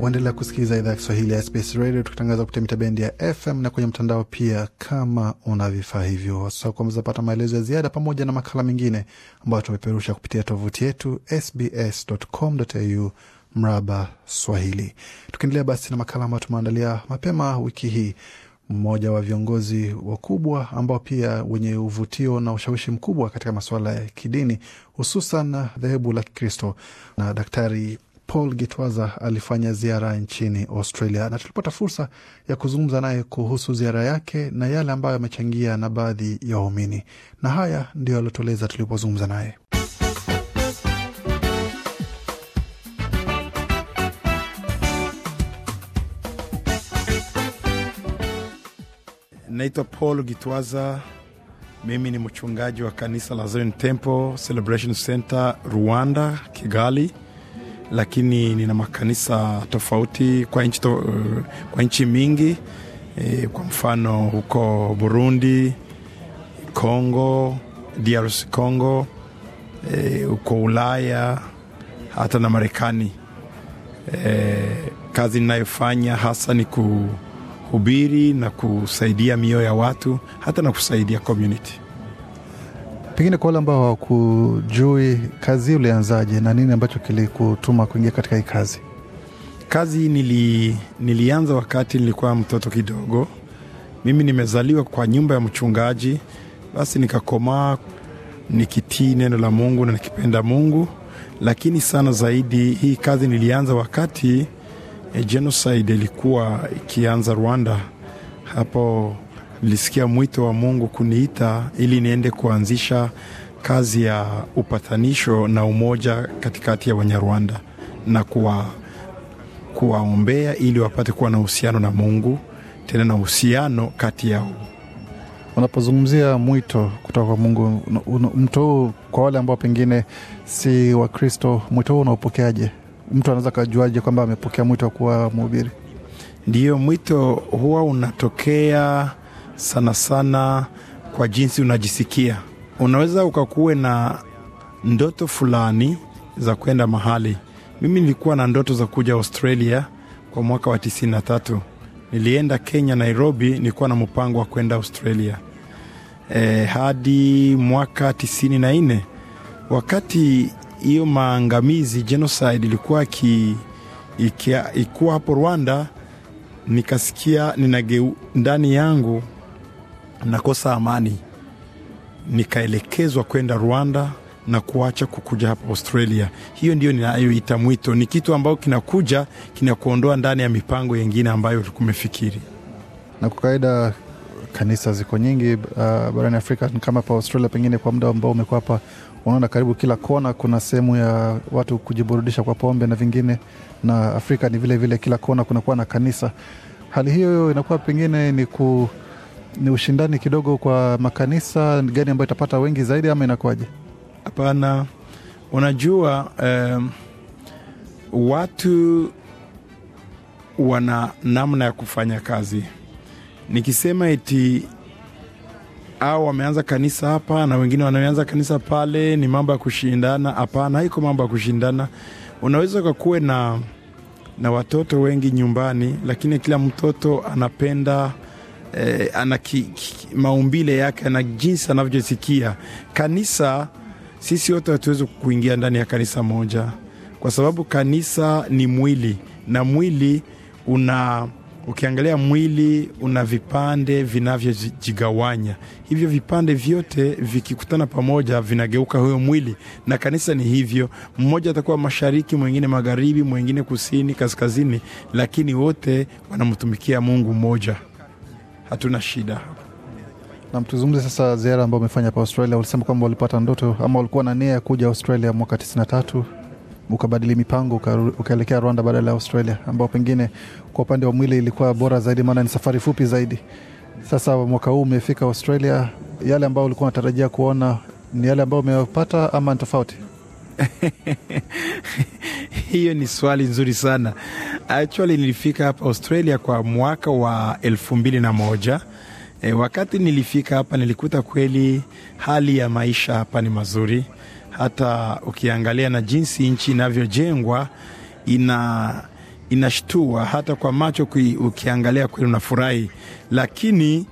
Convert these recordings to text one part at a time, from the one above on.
Waendelea kusikiliza idhaa ya Kiswahili ya SBS Radio, tukitangaza kupitia mita bendi ya FM na kwenye mtandao pia. Kama una vifaa hivyo hasa kwamba zapata maelezo ya ziada pamoja na makala mengine ambayo tumepeperusha kupitia tovuti yetu sbs.com.au mraba Swahili. Tukiendelea basi na makala ambayo tumeandalia mapema wiki hii, mmoja wa viongozi wakubwa ambao pia wenye uvutio na ushawishi mkubwa katika masuala ya kidini, hususan dhehebu la Kikristo na Daktari Paul Gitwaza alifanya ziara nchini Australia na tulipata fursa ya kuzungumza naye kuhusu ziara yake na yale ambayo amechangia na baadhi ya waumini, na haya ndiyo aliotueleza tulipozungumza naye. Naitwa Paul Gitwaza. Mimi ni mchungaji wa kanisa la Zion Temple Celebration Center Rwanda, Kigali lakini nina makanisa tofauti kwa nchi, to, eh, kwa nchi mingi e, kwa mfano huko Burundi, congo DRC Congo, e, eh, huko Ulaya hata na Marekani. E, kazi ninayofanya hasa ni kuhubiri na kusaidia mioyo ya watu hata na kusaidia community. Pengine kwa wale ambao hawakujui kazi hii ulianzaje na nini ambacho kilikutuma kuingia katika hii kazi? Kazi nili, nilianza wakati nilikuwa mtoto kidogo. Mimi nimezaliwa kwa nyumba ya mchungaji, basi nikakomaa nikitii neno la Mungu na nikipenda Mungu, lakini sana zaidi hii kazi nilianza wakati e, genocide ilikuwa ikianza Rwanda hapo nilisikia mwito wa Mungu kuniita ili niende kuanzisha kazi ya upatanisho na umoja katikati ya Wanyarwanda na kuwa, kuwaombea ili wapate kuwa na uhusiano na Mungu tena na uhusiano kati yao. Unapozungumzia mwito kutoka kwa Mungu, mtu huu kwa wale ambao pengine si Wakristo, mwito huu unaopokeaje Mtu anaweza akajuaje kwamba amepokea mwito wa kuwa mhubiri? Ndiyo, mwito huwa unatokea sana sana kwa jinsi unajisikia. Unaweza ukakuwe na ndoto fulani za kwenda mahali. Mimi nilikuwa na ndoto za kuja Australia kwa mwaka wa 93. Nilienda Kenya, Nairobi, nilikuwa na mpango wa kwenda Australia e, hadi mwaka 94 wakati hiyo maangamizi genocide ilikuwa ki, ikuwa hapo Rwanda, nikasikia ninageu ndani yangu nakosa amani, nikaelekezwa kwenda Rwanda na kuacha kukuja hapa Australia. Hiyo ndio ninayoita mwito, ni kitu ambayo kinakuja kinakuondoa ndani ya mipango yengine ambayo kumefikiri. Na kwa kawaida kanisa ziko nyingi uh, barani Afrika kama hapa Australia, pengine kwa muda ambao umekuwa hapa, unaona karibu kila kona kuna sehemu ya watu kujiburudisha kwa pombe na vingine, na Afrika ni vilevile vile, kila kona kunakuwa na kanisa. Hali hiyo inakuwa pengine ni ku ni ushindani kidogo kwa makanisa gani ambayo itapata wengi zaidi ama inakuwaje? Hapana, unajua um, watu wana namna ya kufanya kazi. Nikisema iti au wameanza kanisa hapa na wengine wanaanza kanisa pale, ni mambo ya kushindana? Hapana, haiko mambo ya kushindana. Unaweza ukakuwe na, na watoto wengi nyumbani, lakini kila mtoto anapenda eh, ana ki, ki, maumbile yake na jinsi anavyosikia kanisa. Sisi wote hatuwezi kuingia ndani ya kanisa moja, kwa sababu kanisa ni mwili na mwili una ukiangalia mwili una vipande vinavyojigawanya. Hivyo vipande vyote vikikutana pamoja vinageuka huyo mwili, na kanisa ni hivyo. Mmoja atakuwa mashariki, mwingine magharibi, mwingine kusini, kaskazini, lakini wote wanamtumikia Mungu mmoja hatuna shida Nam, tuzungumze sasa ziara ambayo umefanya hapa Australia. Ulisema kwamba walipata ndoto ama walikuwa na nia ya kuja Australia mwaka tisini na tatu ukabadili mipango ukaelekea Rwanda badala ya Australia, ambao pengine kwa upande wa mwili ilikuwa bora zaidi, maana ni safari fupi zaidi. Sasa mwaka huu umefika Australia, yale ambayo ulikuwa unatarajia kuona ni yale ambayo umepata ama ni tofauti? Hiyo ni swali nzuri sana. Actually, nilifika hapa Australia kwa mwaka wa elfu mbili na moja. E, wakati nilifika hapa nilikuta kweli hali ya maisha hapa ni mazuri, hata ukiangalia na jinsi nchi inavyojengwa ina inashtua hata kwa macho kui, ukiangalia kweli unafurahi, lakini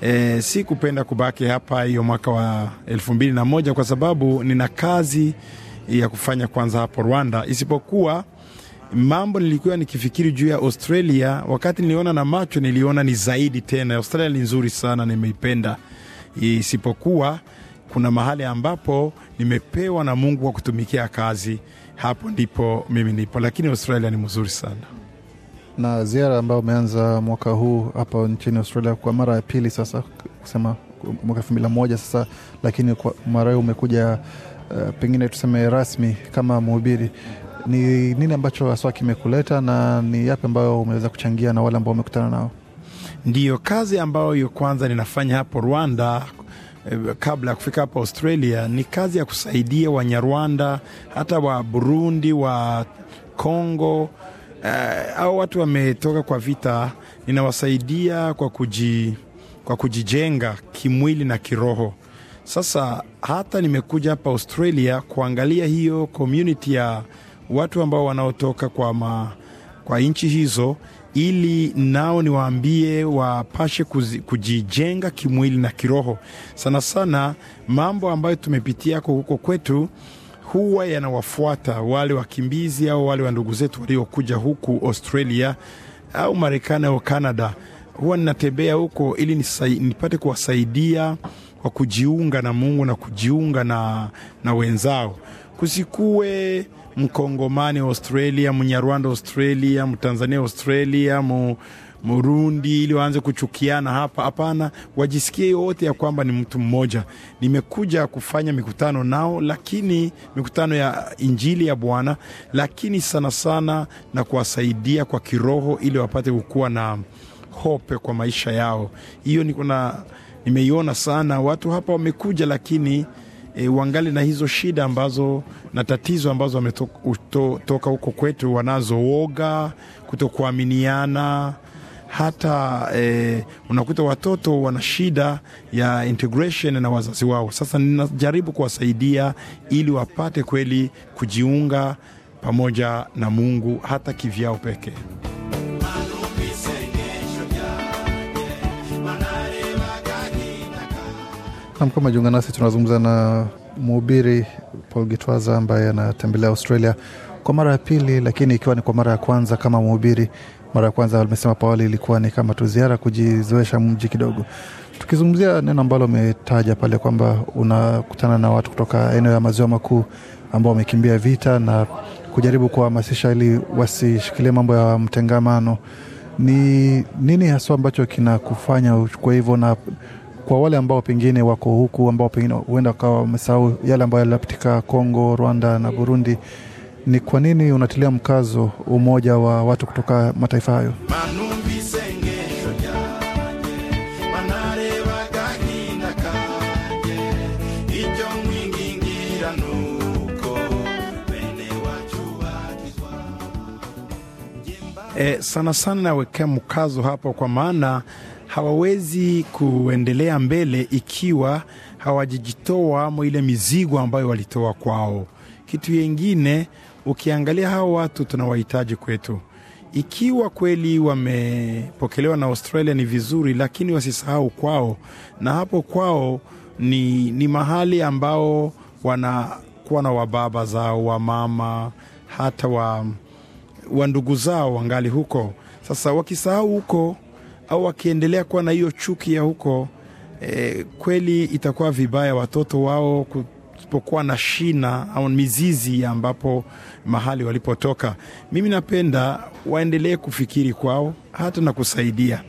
e, si kupenda kubaki hapa hiyo mwaka wa elfu mbili na moja kwa sababu nina kazi ya kufanya kwanza hapo Rwanda, isipokuwa mambo nilikuwa nikifikiri juu ya Australia wakati niliona na macho, niliona ni zaidi tena. Australia ni nzuri sana, nimeipenda, isipokuwa kuna mahali ambapo nimepewa na Mungu kwa kutumikia kazi, hapo ndipo mimi nipo, lakini Australia ni mzuri sana. Na ziara ambayo umeanza mwaka huu hapa nchini Australia kwa mara ya pili sasa, kusema mwaka elfu mbili na moja sasa, lakini kwa mara hii umekuja Eh, pengine tuseme rasmi kama mhubiri, ni nini ambacho haswa kimekuleta na ni yapi ambayo umeweza kuchangia na wale ambao umekutana nao? Ndiyo kazi ambayo kwanza ninafanya hapo Rwanda eh, kabla ya kufika hapa Australia ni kazi ya kusaidia Wanyarwanda, hata wa Burundi, wa congo uh, au watu wametoka kwa vita. Ninawasaidia kwa kuji, kwa kujijenga kimwili na kiroho. Sasa hata nimekuja hapa Australia kuangalia hiyo community ya watu ambao wanaotoka kwa, ma, kwa nchi hizo ili nao niwaambie wapashe kujijenga kimwili na kiroho. Sana sana mambo ambayo tumepitia huko kwetu huwa yanawafuata wale wakimbizi au wale wa ndugu zetu waliokuja huku Australia au Marekani au Canada. Huwa ninatembea huko ili nipate kuwasaidia wa kujiunga na Mungu na kujiunga na, na wenzao. Kusikue mkongomani Australia, mnyarwanda Australia, mtanzania Australia, mu Murundi ili waanze kuchukiana hapa. Hapana, wajisikie wote ya kwamba ni mtu mmoja. Nimekuja kufanya mikutano nao, lakini mikutano ya injili ya Bwana, lakini sana sana na kuwasaidia kwa kiroho, ili wapate kukuwa na hope kwa maisha yao. Hiyo niko na nimeiona sana, watu hapa wamekuja, lakini e, eh, wangali na hizo shida ambazo na tatizo ambazo wametoka huko kwetu, wanazooga, kutokuaminiana hata e, unakuta watoto wana shida ya integration na wazazi wao. Sasa ninajaribu kuwasaidia ili wapate kweli kujiunga pamoja na Mungu hata kivyao pekee. Namkuwa majiunga nasi, tunazungumza na mhubiri Paul Gitwaza ambaye anatembelea Australia kwa mara ya pili, lakini ikiwa ni kwa mara ya kwanza kama mhubiri. Mara ya kwanza amesema hapo ilikuwa ni kama tu ziara, kujizoesha mji kidogo. Tukizungumzia neno ambalo umetaja pale kwamba unakutana na watu kutoka eneo ya maziwa makuu ambao wamekimbia vita na kujaribu kuwahamasisha ili wasishikilie mambo ya mtengamano, ni nini haswa ambacho kinakufanya uchukua hivyo na kwa wale ambao pengine wako huku ambao pengine huenda wakawa wamesahau yale ambayo yalipitika Kongo, Rwanda na Burundi, ni kwa nini unatilia mkazo umoja wa watu kutoka mataifa hayo? E, sana sana nawekea mkazo hapo kwa maana hawawezi kuendelea mbele ikiwa hawajijitoa mo ile mizigo ambayo walitoa kwao. Kitu yengine, ukiangalia hawa watu tunawahitaji kwetu ikiwa kweli wamepokelewa na Australia ni vizuri, lakini wasisahau kwao, na hapo kwao ni, ni mahali ambao wanakuwa na wababa zao wamama, hata wa, wa ndugu zao wangali huko. Sasa wakisahau huko au wakiendelea kuwa na hiyo chuki ya huko e, kweli itakuwa vibaya watoto wao kusipokuwa na shina au mizizi ambapo mahali walipotoka. Mimi napenda waendelee kufikiri kwao hata na kusaidia.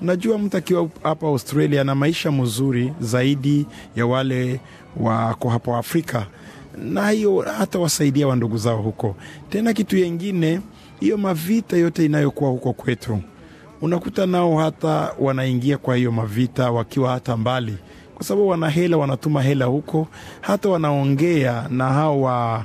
Najua mtu akiwa hapa Australia na maisha mzuri zaidi ya wale wako hapo Afrika, na hiyo hata wasaidia wandugu zao huko. Tena kitu yengine, hiyo mavita yote inayokuwa huko kwetu unakuta nao hata wanaingia kwa hiyo mavita wakiwa hata mbali, kwa sababu wana hela, wanatuma hela huko, hata wanaongea na hao wa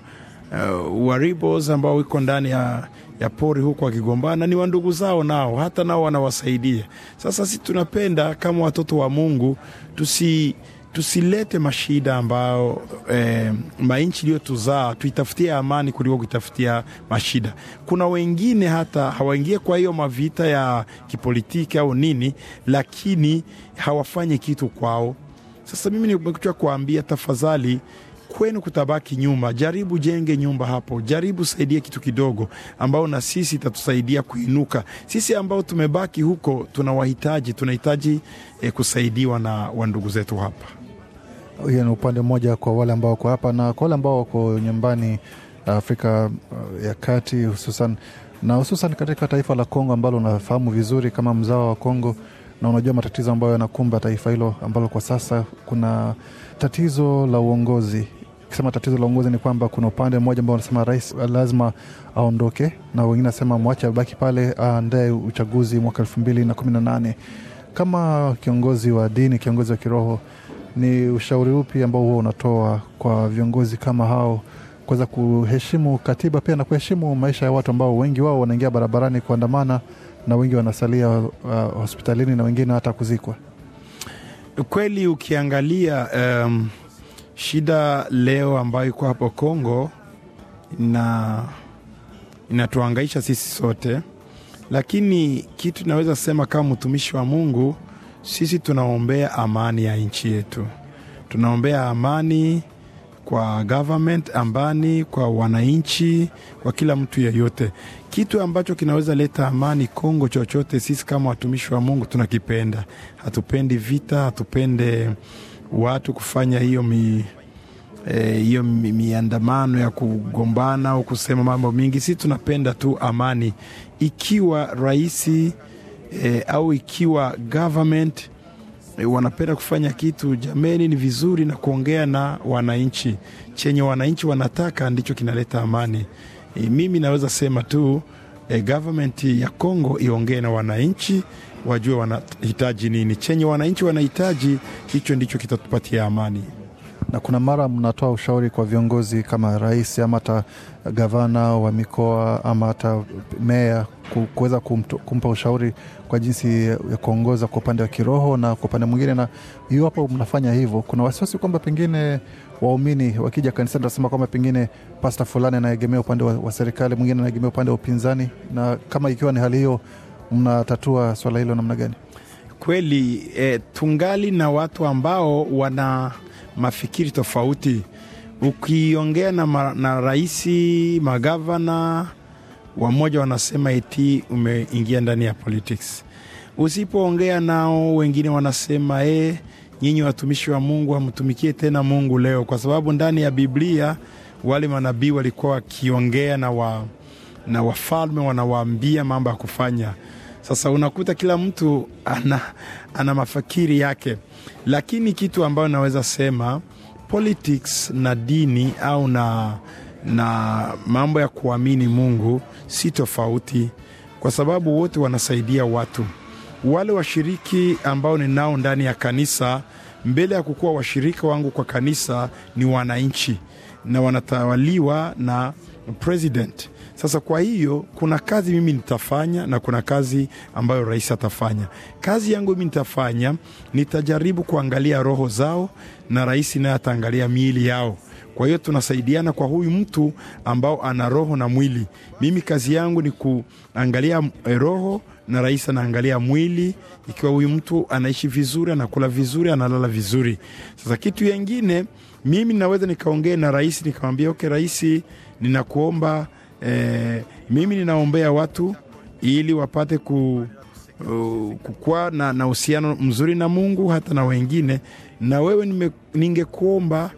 uh, waribos ambao wiko ndani ya ya pori huko wakigombana, ni wandugu zao nao, hata nao wanawasaidia. Sasa si tunapenda kama watoto wa Mungu tusi tusilete mashida ambayo eh, mainchi iliyotuzaa tuitafutie amani kuliko kuitafutia mashida. Kuna wengine hata hawaingie kwa hiyo mavita ya kipolitiki au nini, lakini hawafanye kitu kwao. Sasa mimi nimekuja kuambia, tafadhali kwenu kutabaki nyuma, jaribu jenge nyumba hapo, jaribu saidia kitu kidogo ambao na sisi itatusaidia kuinuka. Sisi ambao tumebaki huko tunawahitaji, tunahitaji eh, kusaidiwa na wandugu zetu hapa hiyo ni upande mmoja kwa wale ambao wako hapa na kwa wale ambao wako nyumbani Afrika uh, ya Kati hususan na hususan katika taifa la Kongo ambalo unafahamu vizuri kama mzawa wa Kongo na unajua matatizo ambayo yanakumba taifa hilo ambalo kwa sasa kuna tatizo la uongozi. Kisema tatizo la uongozi ni kwamba kuna upande mmoja ambao anasema rais uh, lazima aondoke, na wengine anasema mwache abaki pale aandae uchaguzi mwaka elfu mbili na kumi na nane. Kama kiongozi wa dini, kiongozi wa kiroho ni ushauri upi ambao huwa unatoa kwa viongozi kama hao kuweza kuheshimu katiba pia na kuheshimu maisha ya watu ambao wengi wao wanaingia barabarani kuandamana na wengi wanasalia uh, hospitalini na wengine hata kuzikwa? Kweli ukiangalia um, shida leo ambayo iko hapo Kongo na inatuangaisha sisi sote, lakini kitu naweza sema kama mtumishi wa Mungu sisi tunaombea amani ya nchi yetu, tunaombea amani kwa government, ambani, kwa wananchi, kwa kila mtu yeyote. Kitu ambacho kinaweza leta amani Kongo chochote, sisi kama watumishi wa Mungu tunakipenda. Hatupendi vita, hatupende watu kufanya hiyo mi eh, hiyo eh, miandamano ya kugombana au kusema mambo mingi. Sisi tunapenda tu amani, ikiwa raisi e, au ikiwa government e, wanapenda kufanya kitu, jameni, ni vizuri na kuongea na wananchi. Chenye wananchi wanataka ndicho kinaleta amani. E, mimi naweza sema tu e, government ya Kongo iongee na wananchi, wajue wanahitaji nini. Chenye wananchi wanahitaji, hicho ndicho kitatupatia amani na kuna mara mnatoa ushauri kwa viongozi kama rais ama hata gavana wa mikoa ama hata meya kuweza kumpa ushauri kwa jinsi ya kuongoza kwa upande wa kiroho na kwa upande mwingine. Na iwapo mnafanya hivyo, kuna wasiwasi kwamba pengine waumini wakija kanisani tasema kwamba pengine pasta fulani anaegemea upande wa, wa serikali, mwingine anaegemea upande wa upinzani, na kama ikiwa ni hali hiyo, mnatatua swala hilo namna gani? Kweli eh, tungali na watu ambao wana mafikiri tofauti. Ukiongea na, ma, na raisi magavana wamoja wanasema eti umeingia ndani ya politics. Usipoongea nao wengine wanasema e, nyinyi watumishi wa Mungu hamtumikie tena Mungu leo, kwa sababu ndani ya Biblia wale manabii walikuwa wakiongea na, wa, na wafalme wanawaambia mambo ya kufanya. Sasa unakuta kila mtu ana, ana mafakiri yake, lakini kitu ambayo naweza sema politics na dini au na, na mambo ya kuamini Mungu si tofauti, kwa sababu wote wanasaidia watu. Wale washiriki ambao ninao ndani ya kanisa, mbele ya kukuwa washirika wangu kwa kanisa, ni wananchi na wanatawaliwa na president sasa kwa hiyo kuna kazi mimi nitafanya na kuna kazi ambayo rais atafanya. Kazi yangu mimi nitafanya, nitajaribu kuangalia roho zao na rais naye ataangalia miili yao. Kwa hiyo tunasaidiana kwa huyu mtu ambao ana roho na mwili. Mimi kazi yangu ni kuangalia eh, roho na rais anaangalia mwili, ikiwa huyu mtu anaishi vizuri, anakula vizuri, analala vizuri. Sasa kitu yengine, mimi naweza nikaongee na rais nikamwambia, okay rais, ninakuomba e, mimi ninaombea watu ili wapate ku, uh, kukua na uhusiano mzuri na Mungu hata na wengine. Na wewe ningekuomba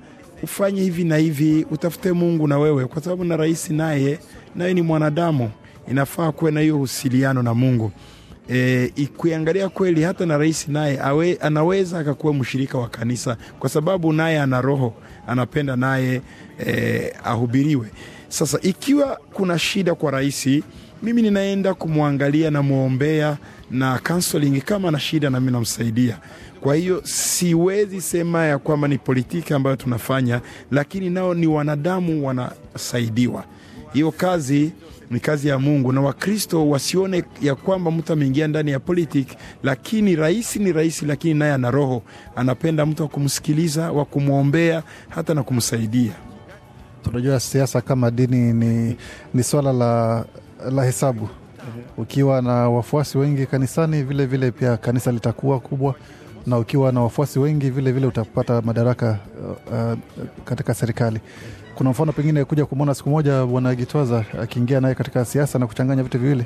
ufanye hivi na hivi, utafute Mungu na wewe, kwa sababu na rais naye naye ni mwanadamu, inafaa kuwe na hiyo uhusiano na Mungu. E, ikuangalia kweli hata na rais naye anaweza akakuwa mshirika wa kanisa kwa sababu naye ana roho, anapenda naye e, ahubiriwe. Sasa ikiwa kuna shida kwa rais, mimi ninaenda kumwangalia na muombea na counseling, kama ana shida nami namsaidia. Kwa hiyo siwezi sema ya kwamba ni politiki ambayo tunafanya, lakini nao ni wanadamu wanasaidiwa. Hiyo kazi ni kazi ya Mungu, na Wakristo wasione ya kwamba mtu ameingia ndani ya politiki, lakini rais ni rais, lakini naye ana roho, anapenda mtu wa kumsikiliza, wa kumwombea, hata na kumsaidia. Tunajua siasa kama dini ni, ni swala la, la hesabu. Ukiwa na wafuasi wengi kanisani, vilevile vile pia kanisa litakuwa kubwa na ukiwa na wafuasi wengi vilevile vile utapata madaraka uh, uh, katika serikali kuna mfano pengine kuja kumwona siku moja bwana Gitwaza akiingia naye katika siasa na kuchanganya vitu viwili?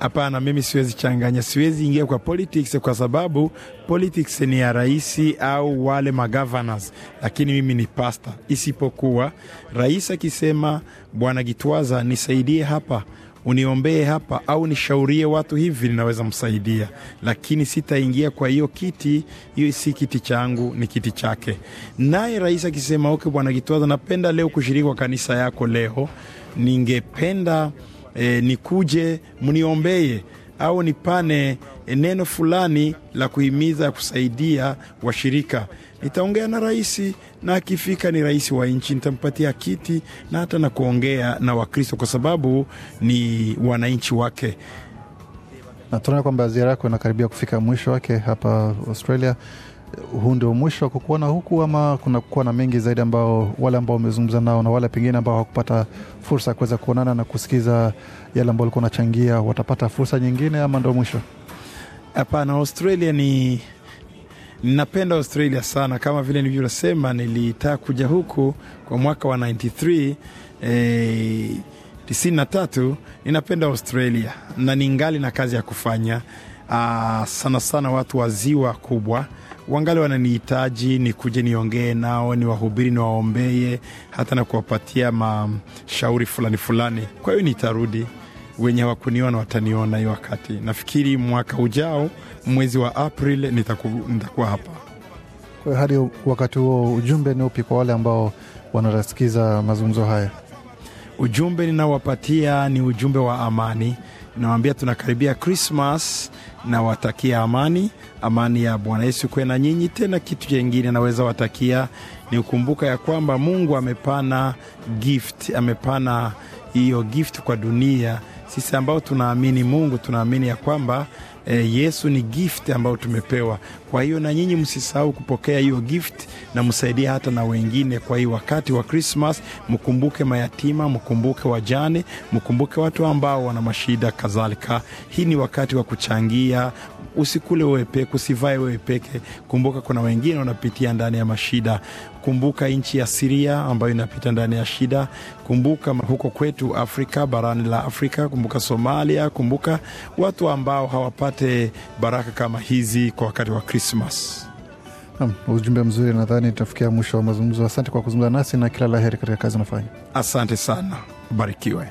Hapana, mimi siwezi changanya, siwezi ingia kwa politics kwa sababu politics ni ya rais au wale magovernors, lakini mimi ni pasta. Isipokuwa rais akisema, bwana Gitwaza nisaidie hapa, uniombee hapa au nishaurie watu hivi, ninaweza msaidia, lakini sitaingia kwa hiyo kiti. Hiyo si kiti changu, ni kiti chake. Naye rais akisema okay, bwana Kitwaza, napenda leo kushiriki kwa kanisa yako leo, ningependa eh, nikuje mniombee au nipane neno fulani la kuhimiza kusaidia washirika. Nitaongea na rais, na akifika ni rais wa nchi, nitampatia kiti na hata na kuongea na Wakristo kwa sababu ni wananchi wake. Na tunaona kwamba ziara yako inakaribia kufika mwisho wake hapa Australia. Huu ndio mwisho wa kukuona huku ama kuna kuwa na mengi zaidi, ambao wale ambao wamezungumza nao na wale pengine ambao hawakupata fursa ya kuweza kuonana na kusikiza yale ambao walikuwa wanachangia watapata fursa nyingine, ama ndio mwisho? Hapana, Australia ni Ninapenda Australia sana, kama vile nilivyosema, nilitaka kuja huku kwa mwaka wa 93 93. Eh, ninapenda Australia na ningali na kazi ya kufanya. Aa, ah, sana sana watu wa ziwa kubwa wangali wananihitaji nikuje niongee nao, niwahubiri, niwaombee hata na kuwapatia mashauri fulani fulani. Kwa hiyo nitarudi wenye hawakuniona wataniona hiyo wakati. Nafikiri mwaka ujao mwezi wa April nitaku, nitakuwa hapa. hadi wakati huo, ujumbe ni upi kwa wale ambao wanasikiza mazungumzo haya? Ujumbe ninaowapatia ni ujumbe wa amani. nawambia tunakaribia Krismas, nawatakia amani. Amani ya Bwana Yesu kuwe na nyinyi. Tena kitu chengine naweza watakia ni kukumbuka ya kwamba Mungu amepana gift, amepana hiyo gift kwa dunia sisi ambao tunaamini Mungu tunaamini ya kwamba eh, Yesu ni gift ambayo tumepewa. Kwa hiyo na nyinyi msisahau kupokea hiyo gift na msaidie hata na wengine. Kwa hiyo wakati wa Krismas mkumbuke mayatima, mkumbuke wajane, mkumbuke watu ambao wana mashida kadhalika. Hii ni wakati wa kuchangia. Usikule wewe peke, usivae wewe peke. Kumbuka kuna wengine wanapitia ndani ya mashida. Kumbuka nchi ya Siria ambayo inapita ndani ya shida. Kumbuka huko kwetu Afrika, barani la Afrika. Kumbuka Somalia. Kumbuka watu ambao hawapati tupate baraka kama hizi kwa wakati wa Krismas. ujumbe mzuri, nadhani tunafikia mwisho wa mazungumzo. Asante kwa kuzungumza nasi na kila la heri katika kazi unafanya. Asante sana, ubarikiwe.